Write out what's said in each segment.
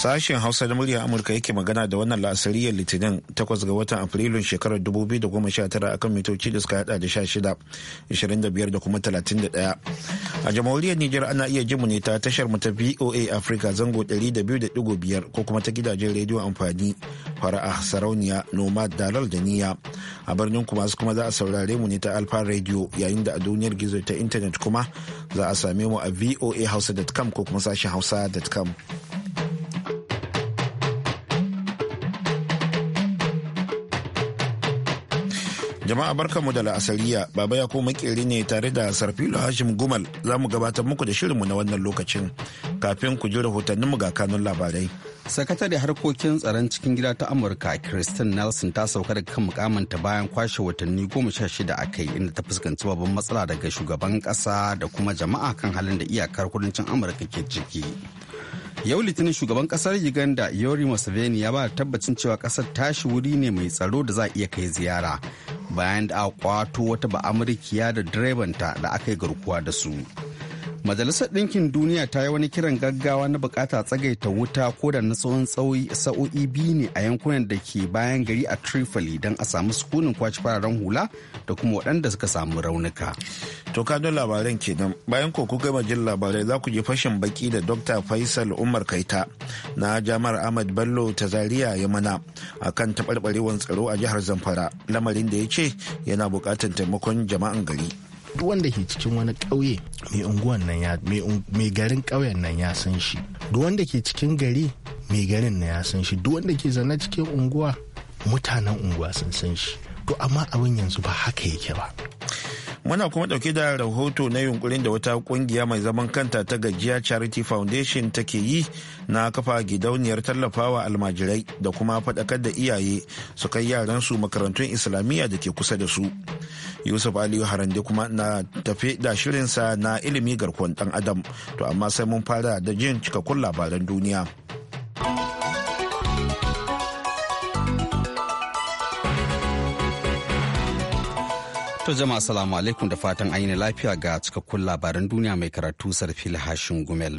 Sashen Hausa da murya Amurka yake magana da wannan la'asariyar Litinin takwas ga watan Afrilun shekarar 2019 akan mitoci da suka hada da shida 25 da kuma 31. A jamhuriyar Nijar ana iya jimu ne ta tashar mu ta VOA Africa zango 200.5 ko kuma ta gidajen rediyo amfani fara'a sarauniya nomad dalal da niya. A birnin kuma su kuma za a saurare mu ne ta Alfa rediyo yayin da a duniyar gizo ta intanet kuma za a same mu a voa hausa.com ko kuma sashen hausa.com. Jama'a barkanmu da la'asariya baba ya kuma makeri ne tare da Sarfilo Hashim Gumal za mu gabatar muku da shirinmu na wannan lokacin kafin ku ji rahotanninmu ga kanun labarai. Sakatare harkokin tsaron cikin gida ta Amurka kristin Nelson ta sauka daga kan mukamanta bayan kwashe watanni goma sha shida a kai inda ta fuskanci babban matsala daga shugaban kasa da kuma jama'a kan halin da iyakar kudancin Amurka ke ciki. Yau Litinin shugaban kasar Uganda yori Museveni ya ba tabbacin cewa kasar tashi wuri ne mai tsaro da za a iya kai ziyara bayan da a kwato wata ba'amurkiya da direbanta da aka yi garkuwa da su. Majalisar Ɗinkin Duniya ta yi wani kiran gaggawa na bukata tsagaita wuta ko da na tsawon sa'o'i biyu ne a yankunan da ke bayan gari a Tripoli don a samu sukunin kwaci fararen hula da kuma waɗanda suka samu raunuka. To kano labaran kenan bayan ko kuka majin labarai za ku je fashin baki da Dr. Faisal Umar Kaita na Jami'ar Ahmad Bello ta Zaria ya mana a kan taɓarɓarewar tsaro a jihar Zamfara lamarin da ya ce yana buƙatar taimakon jama'an gari. duk wanda ke cikin wani ƙauye mai unguwan nan ya mai garin ƙauyen nan ya san shi duk wanda ke cikin gari mai garin nan ya san shi duk wanda ke zana cikin unguwa mutanen unguwa sun san shi to amma abin yanzu ba haka yake ba Muna kuma dauke da rahoto na yunkurin da wata kungiya mai zaman kanta ta gajiya Charity Foundation take yi na kafa gidauniyar tallafawa almajirai da kuma faɗakar da iyaye su kai yaransu makarantun Islamiyya da ke kusa da su. Yusuf Aliyu Harande kuma na tafe da shirinsa na ilimi garkuwan ɗan Adam. To amma sai mun fara da jin cikakkun labaran duniya. To jama'a salamu alaikum da fatan an yi lafiya ga cikakkun labaran duniya mai karatu sarfil hashin gumel.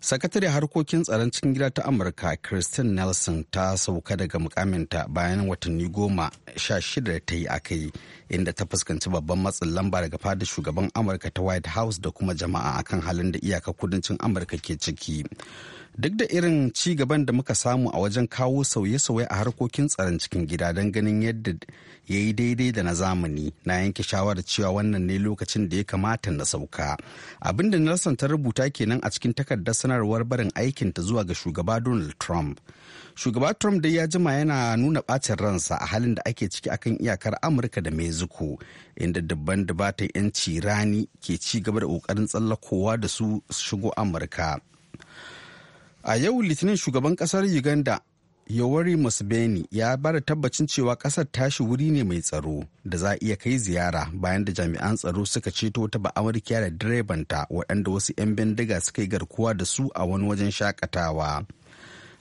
Sakatare harkokin tsaron cikin gida ta Amurka Kristen Nelson ta sauka daga mukaminta bayan watanni goma sha shida da ta yi a kai inda ta fuskanci babban matsin lamba daga fadar shugaban Amurka ta White House da kuma jama'a akan halin da iyaka kudancin Amurka ke ciki. duk da irin ci gaban da muka samu a wajen kawo sauye-sauye a harkokin tsaron cikin gida don ganin yadda ya yi daidai da na zamani na yanke shawarar cewa wannan ne lokacin da ya kamata na sauka abin da nelson ta rubuta kenan a cikin takardar sanarwar barin aikin ta zuwa ga shugaba donald trump shugaba trump dai ya jima yana nuna bacin ransa a halin da ake ciki akan iyakar amurka da mexico inda dubban dubatan 'yanci rani ke ci gaba da kokarin tsallakowa da su shigo amurka a yau litinin shugaban kasar uganda yoweri museveni ya bada tabbacin cewa kasar tashi wuri ne mai tsaro da za a iya kai ziyara bayan da jami'an tsaro suka ceto ta ba'amurkiya da direbanta waɗanda wasu 'yan bindiga suka yi garkuwa da su a wani wajen shakatawa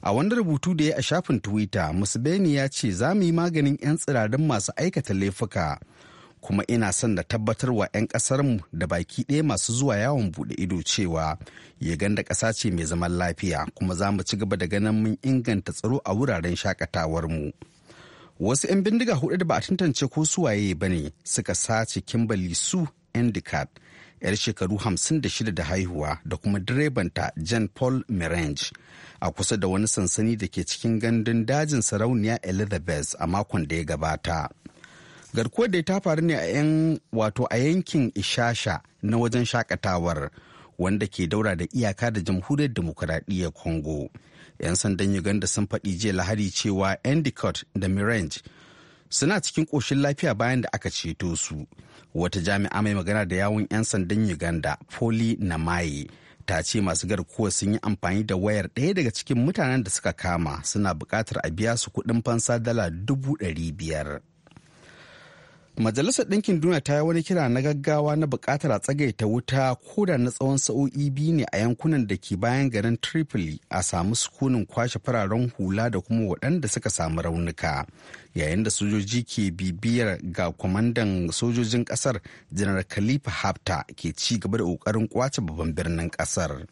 a wani rubutu da ya a shafin twitter museveni ya ce za mu yi maganin 'yan tsirarin masu aikata laifuka kuma ina son da wa 'yan ƙasarmu da baki ɗaya masu zuwa yawon buɗe ido cewa ya yaganda ƙasa ce mai zaman lafiya kuma za mu ci gaba da ganin mun inganta tsaro a wuraren mu. Wasu 'yan bindiga hudu da ba a tantance ko su waye ba ne suka sace Kimberly Su Endicott, 'yar shekaru 56 da haihuwa da kuma direbanta Jan Paul Merange a kusa da wani sansani da ke cikin gandun dajin sarauniya Elizabeth a makon da ya gabata. garkuwar da ta faru ne a yan wato a yankin ishasha na wajen shakatawar wanda ke daura da iyaka da jamhuriyar demokuraɗiyyar congo 'yan sandan uganda sun faɗi jiya lahari cewa endicott da mirange suna cikin ƙoshin lafiya bayan da aka ceto su wata jami'a mai magana da yawun 'yan sandan uganda poli namaye ta ce masu garkuwa sun yi amfani da wayar ɗaya daga cikin mutanen da suka kama suna buƙatar a biya su kuɗin fansa dala dubu ɗari biyar. Majalisar Ɗinkin Duniya ta yi wani kira na gaggawa na buƙatar a tsagaita wuta ko da na tsawon sa'o'i biyu ne a yankunan da ke bayan garin Tripoli a samu sukunin kwashe fararen hula da kuma waɗanda suka samu raunuka. Yayin da sojoji ke bibiyar ga kwamandan sojojin ƙasar Janar Khalifa hafta ke ci gaba da ƙoƙarin kwace babban birnin ƙasar.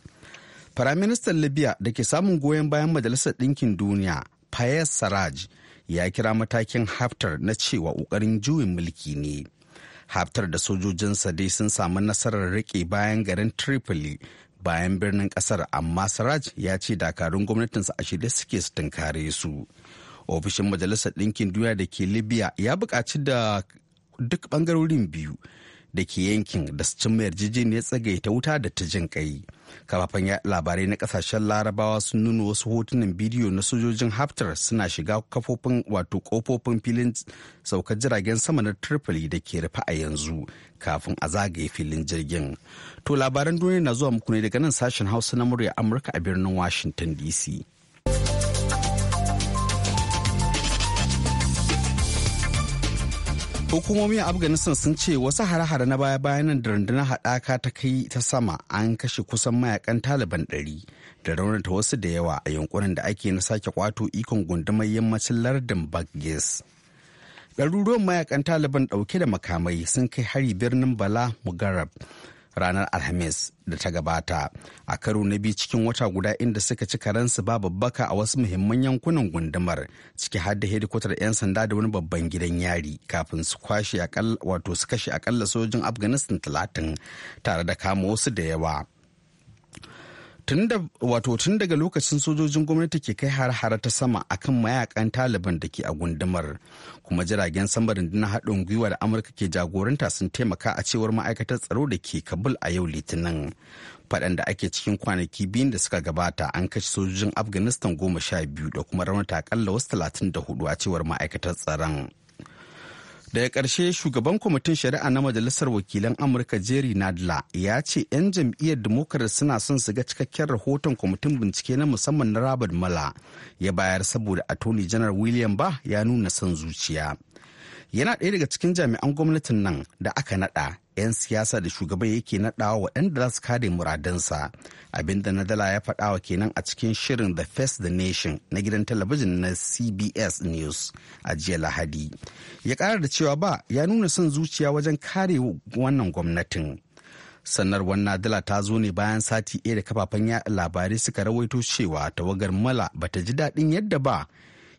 Firaministan Libya da ke samun goyon bayan Majalisar Ɗinkin Duniya Fayez Saraj. ya kira matakin haftar na cewa ƙoƙarin juyin mulki ne haftar da sojojinsa dai sun samu nasarar riƙe bayan garin tripoli bayan birnin ƙasar amma saraj ya ce dakarun gwamnatinsa a shirye suke su tunkare su ofishin majalisar ɗinkin duniya da ke libya ya buƙaci da duk ɓangarorin biyu da ke yankin da su cimma yarjejeniyar ta wuta da ta jin kai kafafen labarai na kasashen larabawa sun nuna wasu hotunan bidiyo na sojojin haftar suna shiga kafofin wato kofofin filin saukar jiragen sama na tripoli da ke rufe a yanzu kafin a zagaye filin jirgin to labaran duniya na zuwa muku ne daga nan sashen hausa na murya amurka a birnin washington dc hukumomi a afghanistan sun ce wasu hare-hare na baya-bayan nan da rundunar haɗaka ta kai ta sama an kashe kusan mayakan taliban ɗari da raunata wasu da yawa a yankunan da ake na sake kwato ikon gundumar yammacin lardin bagges ɗaruruwan mayakan taliban ɗauke da makamai sun kai hari birnin bala mugarab ranar alhamis da ta gabata a karo na biyu cikin wata guda inda suka ci karansu ba babbaka a wasu muhimman yankunan gundumar ciki har da hedikwatar 'yan sanda da wani babban gidan yari kafin su kwashe wato su kashe akalla sojin afghanistan talatin tare da kama wasu da yawa wato tun daga lokacin sojojin gwamnati ke kai har-hara ta sama akan mayakan taliban da ke a gundumar kuma jiragen sama na haɗin gwiwa da amurka ke jagoranta sun taimaka a cewar ma'aikatar tsaro da ke kabul a yau litinin faɗan da ake cikin kwanaki biyun da suka gabata an kashe sojojin afghanistan goma sha biyu da kuma raunata akalla wasu talatin da hudu a cewar ma'aikatar tsaron daga ƙarshe shugaban kwamitin shari'a na majalisar wakilan amurka jerry nadler ya ce 'yan jam'iyyar democrat suna son su ga cikakken rahoton kwamitin bincike na musamman na robert mala ya bayar saboda attorney Janar william ba ya nuna son zuciya yana ɗaya daga cikin jami'an gwamnatin nan da aka naɗa 'yan siyasa da shugaban yake naɗawa waɗanda za su kare muradansa abinda nadala ya faɗawa kenan a cikin shirin the first the nation na gidan talabijin na cbs news a jiya lahadi ya ƙara da cewa ba ya nuna son zuciya wajen kare wannan gwamnatin sanarwar nadala ta zo ne bayan sati ɗaya da kafafen yaɗa labarai suka rawaito cewa tawagar mala bata ji daɗin yadda ba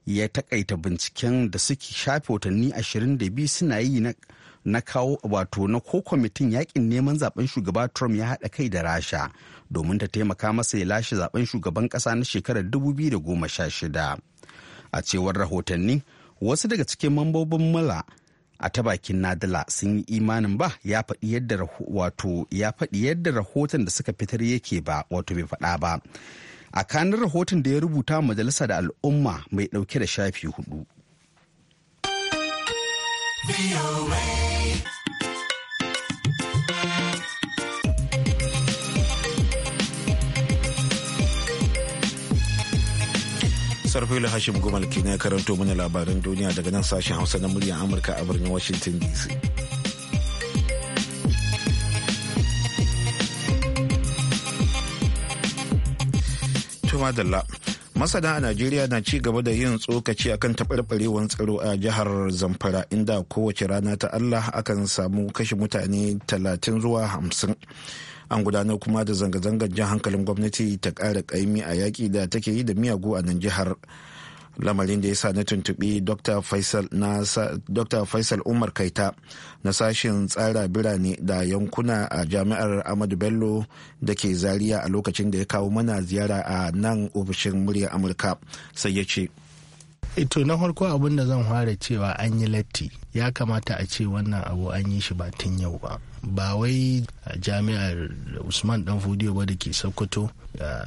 ya takaita binciken da suke shafe watanni 22 suna yi na kawo wato na ko kwamitin yakin neman zaben shugaba trump ya haɗa kai da rasha domin ta taimaka masa ya lashe zaben shugaban ƙasa na shekarar 2016 a cewar rahotanni wasu daga cikin mambobin mula a ta bakin nadala sun yi imanin ba ya faɗi yadda ya faɗi yadda rahoton da suka fitar yake ba wato bai faɗa ba a kanin rahoton da ya rubuta majalisa da al'umma mai ɗauke da shafi hudu. sarfila hashim gumal ke karanto mana labaran duniya daga nan sashen hausa na muryar amurka a birnin washington dc madalla masana a najeriya na ci gaba da yin tsokaci akan taɓarɓarewar tsaro a jihar zamfara inda kowace rana ta allah akan samu kashe mutane talatin zuwa 50 an gudanar kuma da zanga-zangar jan hankalin gwamnati ta ƙara ƙaimi a yaƙi da take yi da miyagu a nan jihar lamarin da ya sa na tuntuɓi dr faisal umar kaita na sashen tsara birane da yankuna a jami'ar amadu bello da ke zariya a lokacin da ya kawo mana ziyara a nan ofishin murya amurka sai ya ce ito eh, na farko abin da zan fara cewa an yi latti ya kamata a ce wannan abu an yi shi ba tun yau ba ba wai jami'ar usman dan fudiyo ba da ke sokoto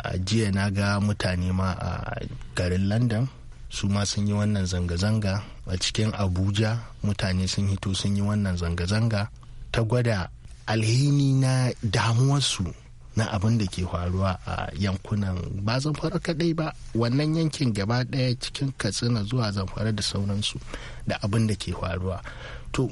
a jiya na ga mutane ma a garin london su ma sun yi wannan zanga-zanga a cikin abuja mutane sun hito sun yi wannan zanga-zanga ta gwada alhini na damuwarsu na abin da ke faruwa a yankunan ba zamfara kadai ba wannan yankin gaba daya cikin katsina zuwa zamfara da sauransu da abin da ke faruwa to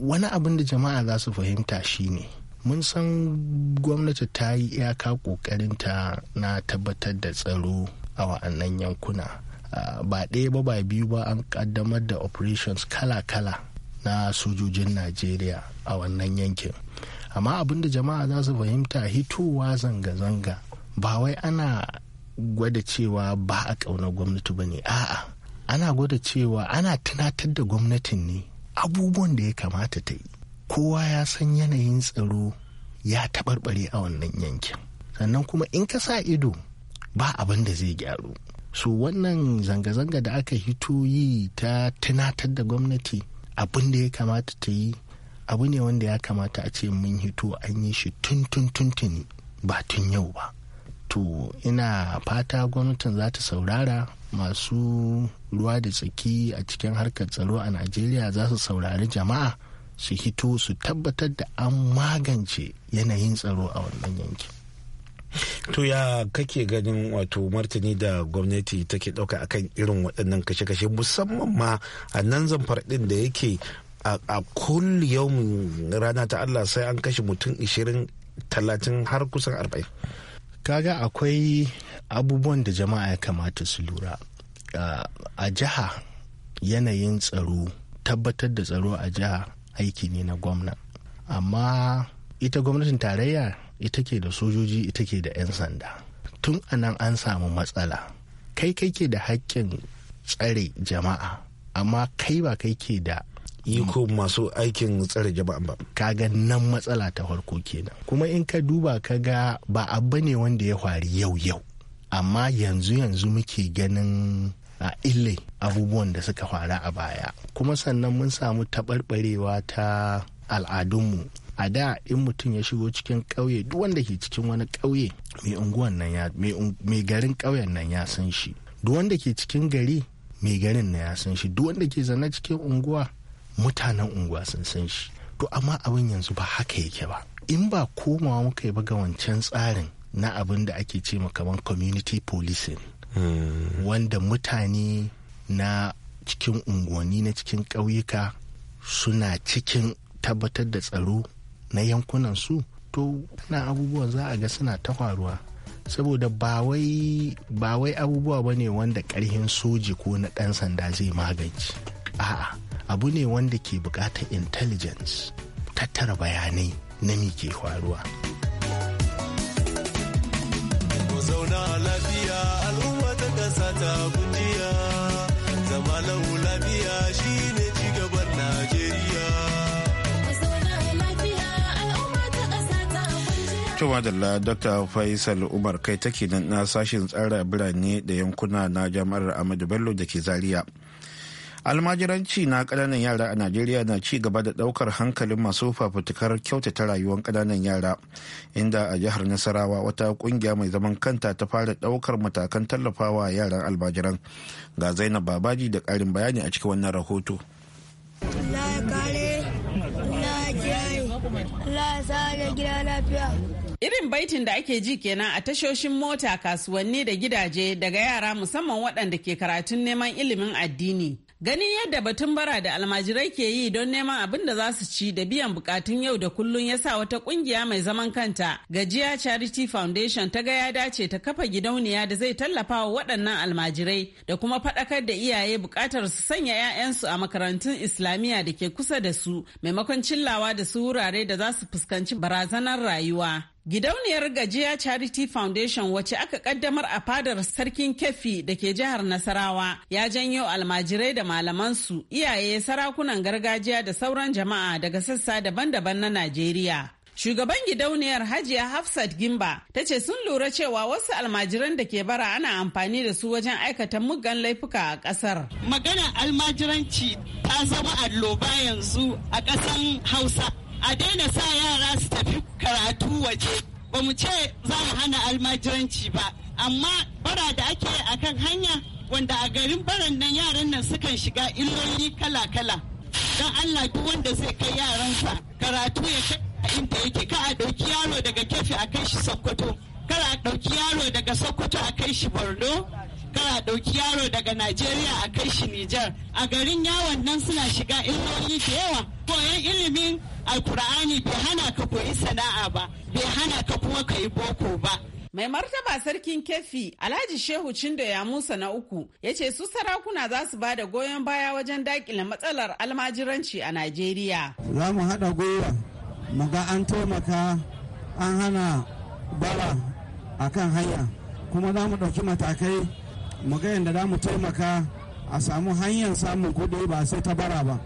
wani abin da jama'a za su fahimta shine mun san gwamnati ta yi iyaka kokarinta na tabbatar da tsaro a wa'annan yankuna Ah, ba ɗaya ba ba biyu ba an kaddamar da operations kala-kala na sojojin najeriya a wannan yankin amma abin da jama'a za su fahimta hitowa zanga-zanga ba wai ana gwada cewa ba a ƙauna gwamnati ba ne a'a ana gwada cewa ana tunatar da gwamnatin ne abubuwan da ya kamata ta yi kowa ya san yanayin tsaro ya taɓarɓare a wannan yankin sannan kuma in ka sa ido ba abin da zai gyaru su wannan zanga-zanga da aka hito yi ta tunatar da gwamnati abin da ya kamata ta yi abu ne wanda ya kamata a ce mun hito an yi shi tun ba tun yau ba to ina fata gwamnatin za ta saurara masu ruwa da tsaki a cikin harkar tsaro a najeriya za su saurari jama'a su hito su tabbatar da an magance yanayin tsaro a wannan yankin to ya kake ganin wato martani da gwamnati take ɗauka akan irin waɗannan kashe-kashe musamman ma a nan zamfar ɗin da yake a kulle yau rana ta Allah sai an kashe mutum 20 talatin har kusan 40 kaga akwai abubuwan da jama'a ya kamata su lura a jiha yanayin tsaro tabbatar da tsaro a jiha aiki ne na gwamna amma ita gwamnatin tarayya ita ke da sojoji ita ke da 'yan sanda tun anan an samu matsala kai kai ke da haƙƙin tsare jama'a amma kai ba kai ke da iko masu aikin tsare jama'a ba kaga nan matsala ta farko kenan kuma in ka duba ka ga ba abu ne wanda ya faru yau yau amma yanzu yanzu muke ganin a ille abubuwan da suka faru a baya kuma sannan mun samu taɓarɓarewa ta al'adunmu a da in mutum ya shigo cikin ƙauye duk wanda ke cikin wani ƙauye mai unguwan nan ya mai garin ƙauyen nan ya san shi duk wanda ke cikin gari mai garin nan ya san shi duk wanda ke zana cikin unguwa mutanen unguwa sun san shi to amma abin yanzu ba haka yake ba in ba komawa muka yi ba ga wancan tsarin na abin da ake ce kamar community policing hmm. wanda mutane na cikin unguwanni na cikin ƙauyuka suna cikin tabbatar da tsaro na yankunan su to na abubuwan za a ga suna ta faruwa saboda ba wai abubuwa ba ne wanda karhin soji ko na ɗan sanda zai magance a'a abu ne wanda ke buƙatar intelligence tattara bayanai na ke faruwa. Cewa da Dr. Faisal Umar kai take nan na sashen tsara birane da yankuna na jami'ar Ahmadu Bello da ke Zaria. Almajiranci na kananan yara a Najeriya na ci gaba da ɗaukar hankalin masu fafutukar kyautata rayuwar kananan yara, inda a jihar Nasarawa wata ƙungiya mai zaman kanta ta fara ɗaukar matakan tallafawa yaran almajiran. Ga Zainab Babaji da ƙarin bayani a cikin wannan rahoto. Irin baitin da ake ji kenan a tashoshin mota, kasuwanni da gidaje daga yara musamman waɗanda ke karatun neman ilimin addini. Ganin yadda batun bara da almajirai ke yi don neman abin da za su ci da biyan bukatun yau da kullun ya sa wata kungiya mai zaman kanta Gajiya Charity Foundation ta ga ya dace ta kafa gidauniya da zai tallafa wa waɗannan almajirai da kuma faɗakar da iyaye bukatar su sanya 'ya'yansu a makarantun Islamiyya da ke kusa da su maimakon cillawa da su wurare da za su fuskanci barazanar rayuwa. Gidauniyar Gajiya Charity Foundation wacce aka kaddamar a fadar Sarkin Kefi da ke jihar Nasarawa ya janyo almajirai da malamansu, iyaye, sarakunan gargajiya da sauran jama'a daga sassa daban-daban na Najeriya. Shugaban gidauniyar Hajiya Hafsat Gimba ta ce sun lura cewa wasu almajiran da ke bara ana amfani da su wajen aikata muggan laifuka a ƙasar. Magana almajiranci ta zama alloba yanzu a ƙasan Hausa. a daina sa yara su tafi karatu waje ba mu ce za mu hana almajiranci ba amma bara da ake a kan hanya wanda a garin baran nan yaran nan sukan shiga illoli kala-kala don allah duk wanda zai kai yaransa karatu ya kai a inda yake ka a ɗauki yaro daga kefi a kai shi sokoto kar a ɗauki yaro daga sokoto a kai shi borno kar a ɗauki yaro daga najeriya a kai shi nijar a garin yawon nan suna shiga illoli da yawa koyan ilimin alkur'ani bai hana ka koyi sana'a ba bai hana ka kuma ka yi boko ba mai martaba sarkin kefi alhaji shehu cindo ya musa na uku ya ce su sarakuna za su ba da goyon baya wajen dakile matsalar almajiranci a najeriya za mu haɗa gwiwa ga an taimaka an hana bara a kan hanya kuma za mu ɗauki matakai mu ga yadda za mu taimaka a samu hanyar samun kuɗi ba sai ta bara ba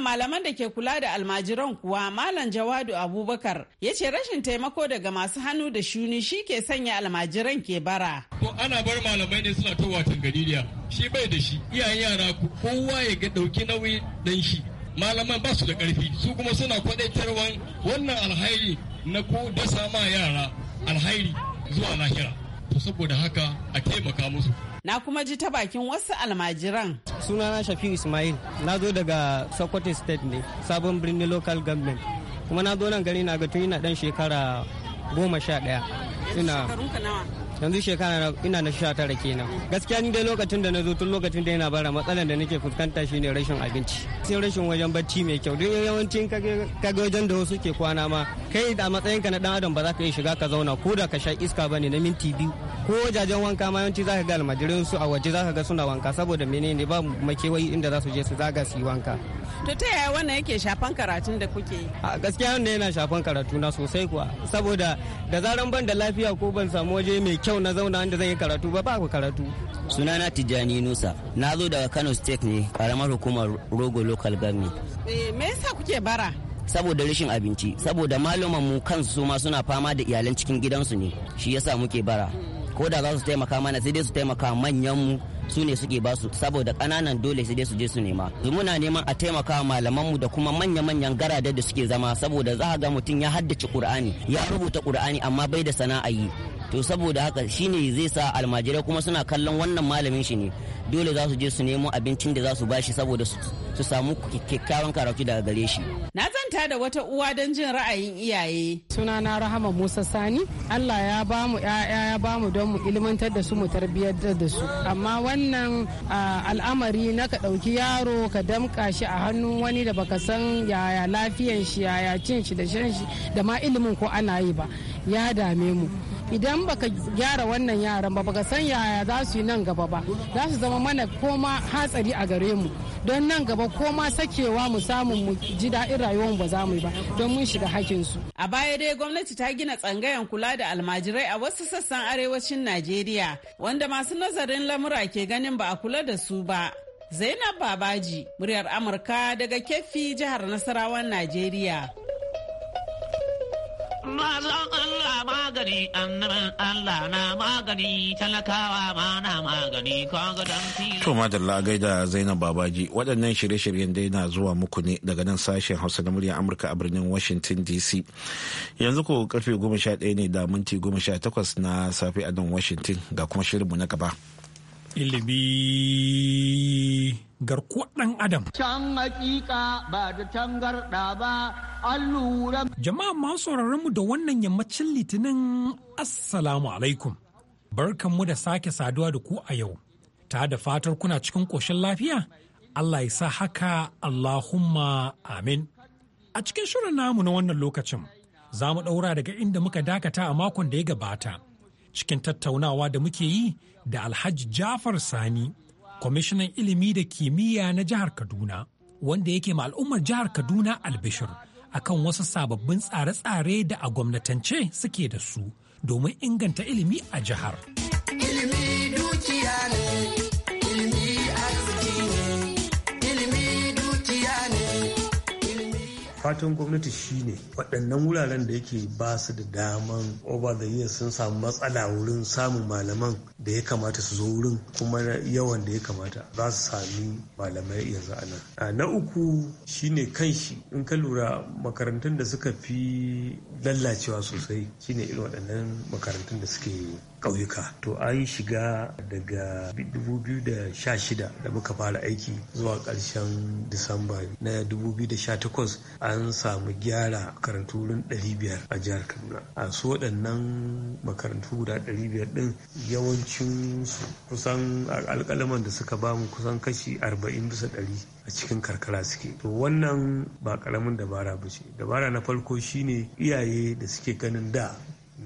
malaman da ke kula da almajiran kuwa Malam Jawadu Abubakar ya ce rashin taimako daga masu hannu da shuni shi ke sanya almajiran ke bara. To ana bar malamai ne suna towa tangadiriya shi bai da shi iyayen yara kowa ya ga ɗauki nauyi dan shi. Malaman ba su da karfi su kuma suna kwaɗaitarwan wannan alhairi na ko dasa ma yara alhairi zuwa lahira. To saboda haka a taimaka musu. Na kuma ji ta bakin wasu almajiran. Sunana Shafi'u Ismail, na zo daga Sokoto State ne, sabon birnin local government. Kuma na zo nan gari na ga tun ina dan shekara goma sha daya Ina yanzu shekara ina na sha tara kenan gaskiya ni dai lokacin da na zo tun lokacin da yana bara matsalar da nake fuskanta shine rashin abinci sai rashin wajen bacci mai kyau duk yawancin kaga wajen da wasu ke kwana ma kai a matsayinka na dan adam ba za ka iya shiga ka zauna ko da ka sha iska bane na minti biyu ko wajajen wanka ma yawanci zaka ga almajirin su a waje zaka ga suna wanka saboda menene ba makewayi inda za su je su zaga su yi wanka to ta yaya wannan yake shafan karatun da kuke yi a gaskiya wannan yana shafan karatu na sosai kuwa saboda da zaran ban da lafiya ko ban samu waje mai kyau na zauna inda zan yi karatu ba ba ku karatu sunana tijjani nusa na zo daga kano state ne karamar hukumar rogo local government eh, me yasa kuke bara saboda rashin abinci saboda malaman mu kansu ma suna fama da iyalan cikin gidansu ne shi yasa muke bara ko da za su taimaka mana sai dai su taimaka manyan mu su ne suke basu saboda kananan dole sai dai su je su nema muna neman a taimaka malaman mu da kuma manya-manyan garadar da suke zama saboda za ga mutum ya haddace qur'ani ya rubuta qur'ani amma bai da sana'a yi to saboda haka shine zai sa almajirai kuma suna kallon wannan malamin shi ne dole za su je su nemo abincin da za su bashi saboda su samu kyakkyawan karatu daga gare shi na zanta da wata uwa don jin ra'ayin iyaye sunana rahama musa sani allah ya ba mu ya ba mu don mu ilmantar da su mu tarbiyyar da su amma wannan al'amari na ka ɗauki yaro ka damka shi a hannun wani da baka san yaya lafiyan shi yaya cin shi da shan shi da ma ilimin ko ana yi ba ya dame mu idan baka gyara wannan yaran ba baka san yaya za su yi nan gaba ba za su zama mana koma hatsari a gare mu don nan gaba koma sakewa mu samu mu ji daɗin rayuwar ba za mu yi ba don mun shiga hakin su a baya dai gwamnati ta gina tsangayen kula da almajirai a wasu sassan arewacin najeriya wanda masu nazarin lamura ke ganin ba a kula da su ba zainab babaji muryar amurka daga kefi jihar nasarawan najeriya Mazan Allah magani, annaban Allah na magani, talakawa ma na magani, kaga fili. To madalla gaida Zainab Babaji, waɗannan shirye-shiryen dai na zuwa muku ne daga nan sashen Hausa na muryar Amurka a birnin Washington DC. Yanzu ko karfe 11 ne da minti 18 na safe a nan Washington ga kuma shirinmu na gaba. ilimi garkuwar ɗan adam. Can hakika ba da tangarɗa ba, an lura. Jama'a masu mu da wannan yammacin litinin Assalamu alaikum. barkan mu da sake saduwa da ku a yau, ta da fatar kuna cikin ƙoshin lafiya, Allah ya sa haka Allahumma amin. A cikin shirin namu na wannan lokacin, za mu ɗaura daga inda muka dakata a makon da ya gabata. cikin tattaunawa da muke yi da Alhaji Jafar Sani, kwamishinan ilimi da kimiyya na jihar Kaduna, wanda yake ma al'ummar jihar Kaduna albishir akan wasu sababbin tsare-tsare da a gwamnatance suke da su domin inganta ilimi a jihar. fatan gwamnati shine waɗannan wuraren da yake ba su da daman over the years sun samu matsala wurin samun malaman da ya kamata su zo wurin kuma yawan da ya kamata za su sami malamai yanzu a nan na uku shine kan shi in ka lura makarantun da suka fi lallacewa sosai shine irin waɗannan makarantun da suke ƙauyuka to an shiga daga 2016 da muka fara aiki zuwa ƙarshen disamba na 2018 an samu gyara makarantu wurin 500 a jihar kaduna a su waɗannan makarantu guda 500 ɗin yawancin kusan alkalaman da suka bamu kusan kashi 40 bisa ɗari a cikin karkara suke to wannan ba ƙaramin dabara ba ce dabara na farko shine iyaye da suke ganin da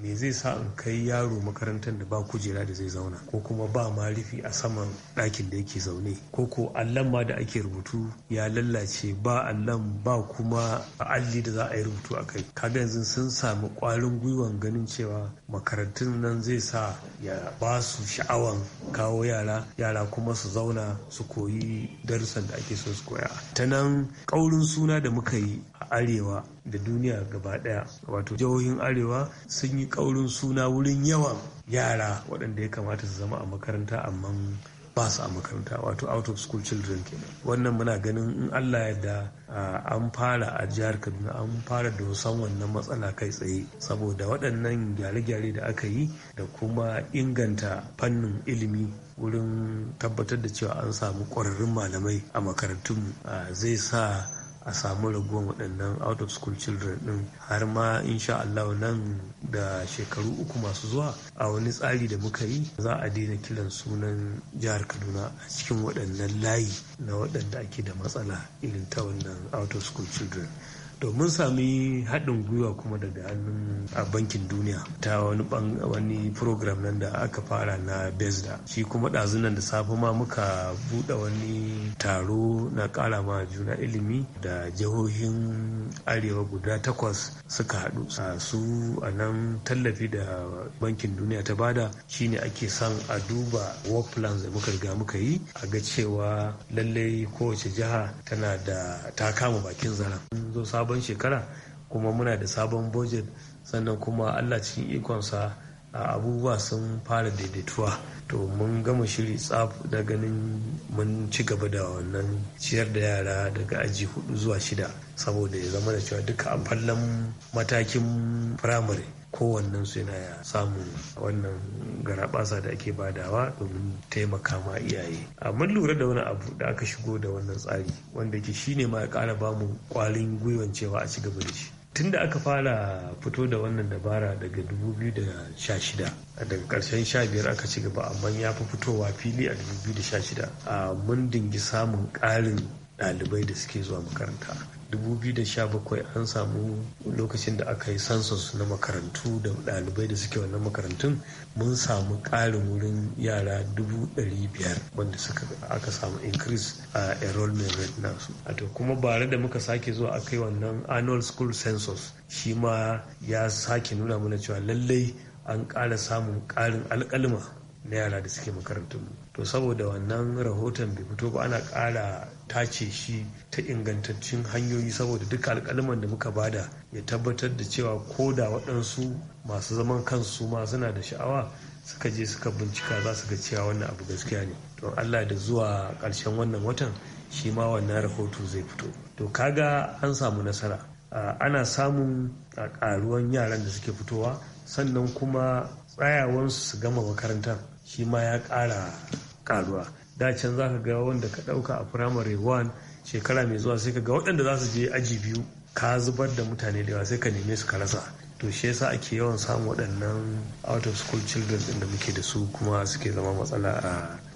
me zai sa in kai yaro makarantar da ba kujera da zai zauna ko kuma ba ma a saman ɗakin da yake zaune ko ko allon ma da ake rubutu ya lallace ba allon ba kuma alli da za a yi rubutu a kai kaga yanzu sun sami ƙwarin gwiwan ganin cewa makarantun nan zai sa ya ba su sha'awan kawo yara yara kuma su zauna su koyi darussan da ake so su koya ta nan ƙaurin suna da muka yi a arewa da duniya gaba daya wato jihohin arewa sun yi kaurin suna wurin yawan yara waɗanda ya kamata su zama a makaranta amma ba su a makaranta wato out of school children kenan wannan muna ganin in allah yadda an fara a jihar kaduna an fara da wasan wannan matsala kai tsaye saboda waɗannan gyare-gyare da aka yi da kuma inganta fannin ilimi wurin tabbatar da cewa an samu ƙwararrun malamai a makarantunmu zai sa a samu raguwan waɗannan out of school children ɗin har ma insha Allah nan da shekaru uku masu zuwa a wani tsari da muka yi za a daina kiran sunan jihar Kaduna a cikin waɗannan layi na waɗanda ake da matsala irin ta wannan out of school children Domin sami haɗin gwiwa kuma daga hannun a bankin duniya ta wani wani program nan da aka fara na da shi kuma ɗazunan da safe ma muka buɗe wani taro na ƙara ma juna ilimi da jihohin arewa guda takwas suka haɗu su a nan tallafi da bankin duniya ta bada shine ake son a duba work plans da muka riga muka yi a ga cewa lallai kowace jiha tana da ta kama bakin zara sabon shekara kuma muna da sabon budget sannan kuma allah cikin ikonsa abubuwa sun fara daidaituwa to mun gama shiri tsaf da ganin mun ci gaba da wannan ciyar da yara daga aji hudu zuwa shida saboda ya zama da cewa duka a fallon matakin firamare kowannen su yana samun wannan garabasa da ake badawa domin taimaka ma iyaye mun lura da wani abu da aka shigo da wannan tsari wanda ke shine ma ya kara bamu kwarin gwiwan cewa a ci gaba da shi tun da aka fara fito da wannan dabara daga 2016 daga karshen 15 aka ci gaba amma ya fi fitowa fili a 2016 mun dingi samun ƙarin ɗalibai da suke zuwa makaranta 2017 an samu lokacin da aka yi sansos na makarantu da ɗalibai da suke wannan makarantun mun samu ƙarin wurin yara 500 wanda suka aka samu increase a enrollment rate nasu to kuma bare da muka sake zuwa aka yi wannan annual school census shi ma ya sake nuna mana cewa lallai an ƙara samun ƙarin alƙalma na yara da suke makarantunmu to saboda wannan rahoton bai fito ba ana ƙara tace shi ta ingantaccen hanyoyi saboda duka alƙalman da muka bada ya tabbatar da cewa ko da waɗansu masu zaman kansu ma suna da sha'awa suka je suka bincika za su ga cewa wannan abu gaskiya ne to allah da zuwa ƙarshen wannan watan shi ma wannan rahoto zai fito to kaga an samu nasara ana samun ƙaruwan yaran da suke fitowa sannan kuma tsayawansu su gama makarantar shi ma ya ƙara ƙaruwa dacin za ka ga wanda ka ɗauka a firamare 1 shekara mai zuwa sai ka ga waɗanda za su je aji biyu ka zubar da mutane da sai ka neme su ka rasa to shi yasa ake yawan samun waɗannan out of school children da muke da su kuma suke zama matsala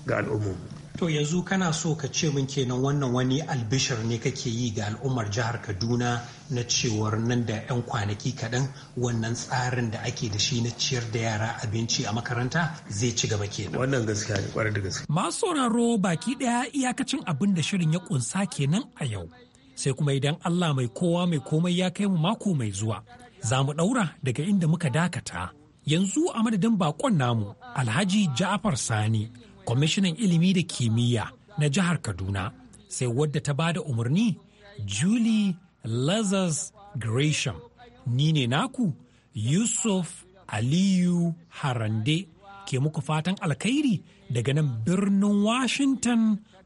ga al'ummu To yanzu kana so ka ce min kenan wannan wani albishir ne kake yi ga al'ummar jihar Kaduna na cewar nan da 'yan kwanaki kaɗan wannan tsarin da ake da shi na ciyar da yara abinci a makaranta zai ci gaba kenan. Wannan gaskiya ne kwarar da gaskiya. Masu sauraro baki ɗaya iyakacin abin da shirin ya kunsa kenan a yau. Sai kuma idan Allah mai kowa mai komai ya kai mu mako mai zuwa. Za mu ɗaura daga inda muka dakata. Yanzu a madadin bakon namu Alhaji jafar Sani kwamishinan ilimi da kimiyya na jihar kaduna sai wadda ta bada umarni julie lazarus gresham ni ne naku yusuf aliyu harande ke muku fatan alkhairi daga nan birnin washington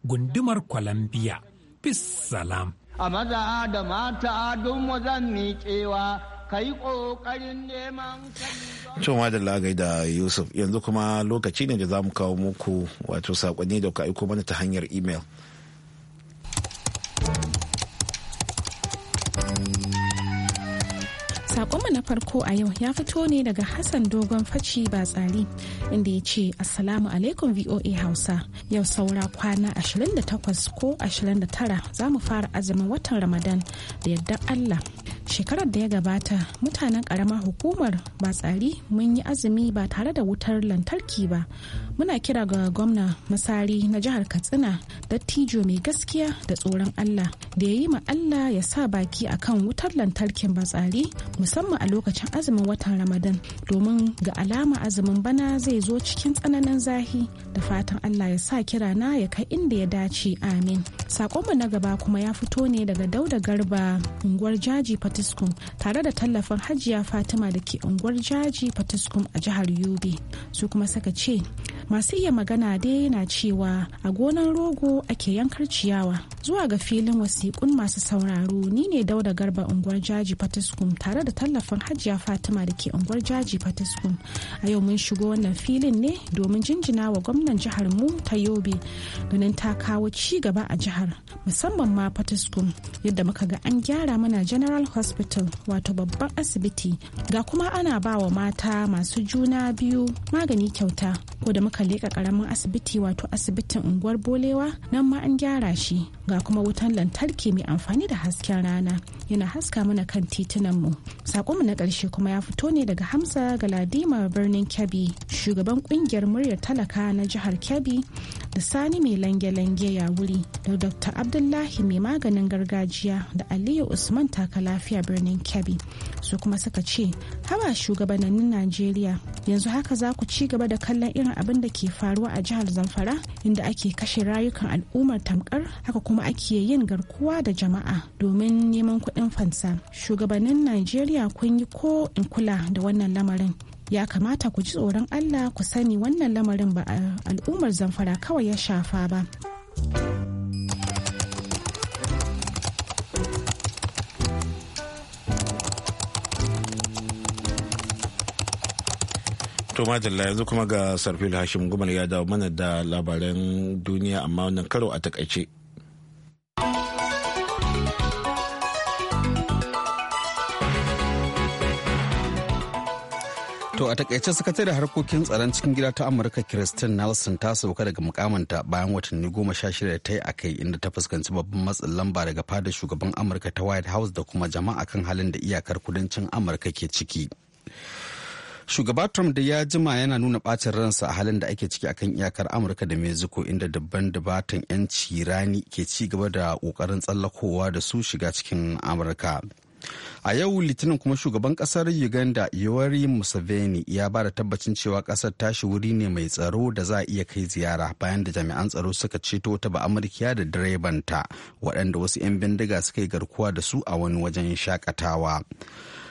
gundumar columbia peace salam a maza da mata dun mu zan miƙewa ka da lagai da Yusuf yanzu kuma lokaci ne da za mu kawo muku wato saƙonni da ka aiko mana ta hanyar imel. Sakonmu na farko a yau ya fito ne daga Hassan Dogon Faci ba tsari inda ya ce Assalamu alaikum VOA Hausa. Yau saura kwana 28 ko 29 za mu fara azumin watan Ramadan da yardar Allah. shekarar da ya gabata mutanen karamar hukumar batsari mun yi azumi ba tare da wutar lantarki ba muna kira ga gwamna masari na jihar katsina dattijo mai gaskiya da tsoron allah da ya yi ma allah ya sa baki a kan wutar lantarkin batsari musamman a lokacin azumin watan ramadan domin ga alama azumin bana zai zo cikin tsananin zahi da fatan allah ya sa kira na ya kai inda ya dace amin sakonmu na gaba kuma ya fito ne daga dauda garba unguwar jaji fati Fatiskum tare da tallafin Hajiya Fatima da ke unguwar Jaji Fatiskum a jihar Yobe. Su kuma saka ce masu iya magana dai yana cewa a gonar rogo ake yankar ciyawa zuwa ga filin wasiƙun masu sauraro ni ne dauda garba unguwar jaji patiskum tare da tallafin hajiya fatima da ke unguwar jaji patiskum a yau mun shigo wannan filin ne domin jinjina wa gwamnan jihar mu ta yobe ganin ta kawo ci gaba a jihar musamman ma fataskum yadda muka ga an gyara mana general hospital wato babban asibiti ga kuma ana ba wa mata masu juna biyu magani kyauta ko da muka leka karamin asibiti wato asibitin unguwar bolewa nan ma an gyara shi ga kuma wutan lantarki mai amfani da hasken rana yana haska mana kan titunan mu mu na karshe kuma ya fito ne daga hamza galadima birnin kebbi shugaban kungiyar muryar talaka na jihar kebbi da sani mai lange-lange ya wuri da dr abdullahi mai maganin gargajiya da aliyu usman taka lafiya birnin kebbi su kuma suka ce hawa shugabannin najeriya yanzu haka za ku ci gaba da kallon irin abin da ke faruwa a jihar zamfara inda ake kashe rayukan al'ummar tamkar haka kuma ake yin garkuwa da jama'a domin neman kuɗin fansa shugabannin najeriya kun yi ko in kula da wannan lamarin ya kamata ku ji tsoron allah ku sani wannan lamarin ba eh, al'ummar zamfara kawai ya shafa ba To Majalla yanzu kuma ga Sarfil Hashim Gumal ya dawo mana da labaran duniya amma wannan karo a takaice. To a takaice sakatare harkokin tsaron cikin gida ta Amurka kristin Nelson ta sauka daga mukamanta bayan watanni goma sha shida ta yi a kai inda ta fuskanci babban matsin lamba daga fada shugaban Amurka ta White House da kuma jama'a kan halin da iyakar kudancin Amurka ke ciki. Shugaba Trump da ya jima yana nuna bacin ransa a halin da ake ciki akan iyakar Amurka da Mexico inda dabban dubatan 'yanci rani ke ci gaba da kokarin tsallakowa da su shiga cikin Amurka. a yau litinin kuma shugaban kasar uganda yoweri museveni ya ba da tabbacin cewa kasar tashi wuri ne mai tsaro da za a iya kai ziyara bayan da jami'an tsaro suka ceto wata ba'amurkiya da direbanta waɗanda wasu 'yan bindiga suka yi garkuwa da su a wani wajen shakatawa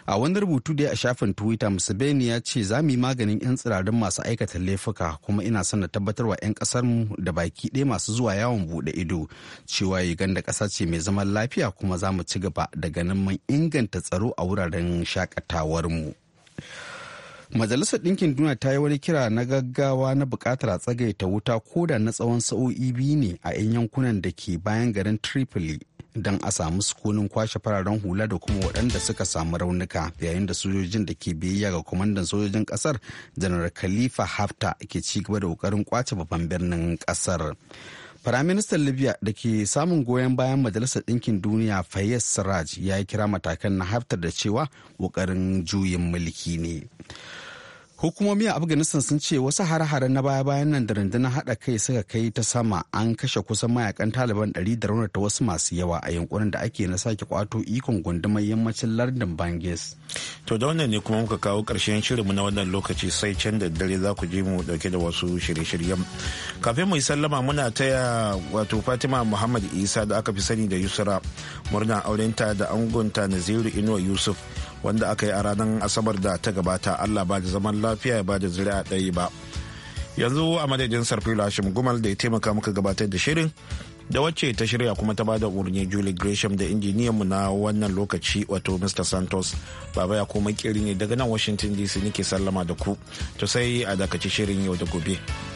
a wani rubutu da a shafin twitter museveni ya ce za mu yi maganin 'yan tsirarin masu aikata laifuka kuma ina son na tabbatar wa 'yan kasarmu da baki ɗaya masu zuwa yawon buɗe ido cewa yi uganda ƙasa ce mai zaman lafiya kuma za mu ci gaba da ganin mun inganta tsaro a wuraren shakatawarmu. mu Majalisar Ɗinkin Duniya ta yi wani kira na gaggawa na buƙatar a tsagaita wuta ko da na tsawon sa'o'i biyu ne a 'yan yankunan da ke bayan garin Tripoli don a samu sukunin kwashe fararen hula da kuma waɗanda suka samu raunuka yayin da sojojin da ke biyayya ga kwamandan sojojin ƙasar janar khalifa hafta ke ci gaba da ƙoƙarin kwace babban birnin ƙasar. Firaministan Libya da ke samun goyon bayan Majalisar Ɗinkin Duniya Fayyaz saraj ya yi kira matakan na haftar da cewa ƙoƙarin juyin mulki ne. hukumomi a afghanistan sun ce wasu har hare na baya-bayan nan da rundunar haɗa kai suka kai ta sama an kashe kusan mayakan taliban 100 da raunata wasu masu yawa a yankunan da ake na sake kwato ikon gundumar yammacin lardin bangis to da wannan ne kuma muka kawo ƙarshen shirinmu na wannan lokaci sai can da dare za ku je mu dauke da wasu shirye-shiryen kafin mu yi sallama muna taya wato fatima muhammad isa da aka fi sani da yusra murna aurenta da angonta naziru inuwa yusuf wanda aka yi a ranar asabar da ta gabata allah ba da zaman lafiya ya ba da zuri'a ɗaya ba yanzu a madadin sarfi lashim gumal da ya taimaka muka gabatar da shirin da wacce ta shirya kuma ta bada umarni julie gresham da injiniyan mu na wannan lokaci wato mr santos baba ya kuma kiri ne daga nan washington dc nake sallama da ku to sai a dakaci shirin yau da gobe.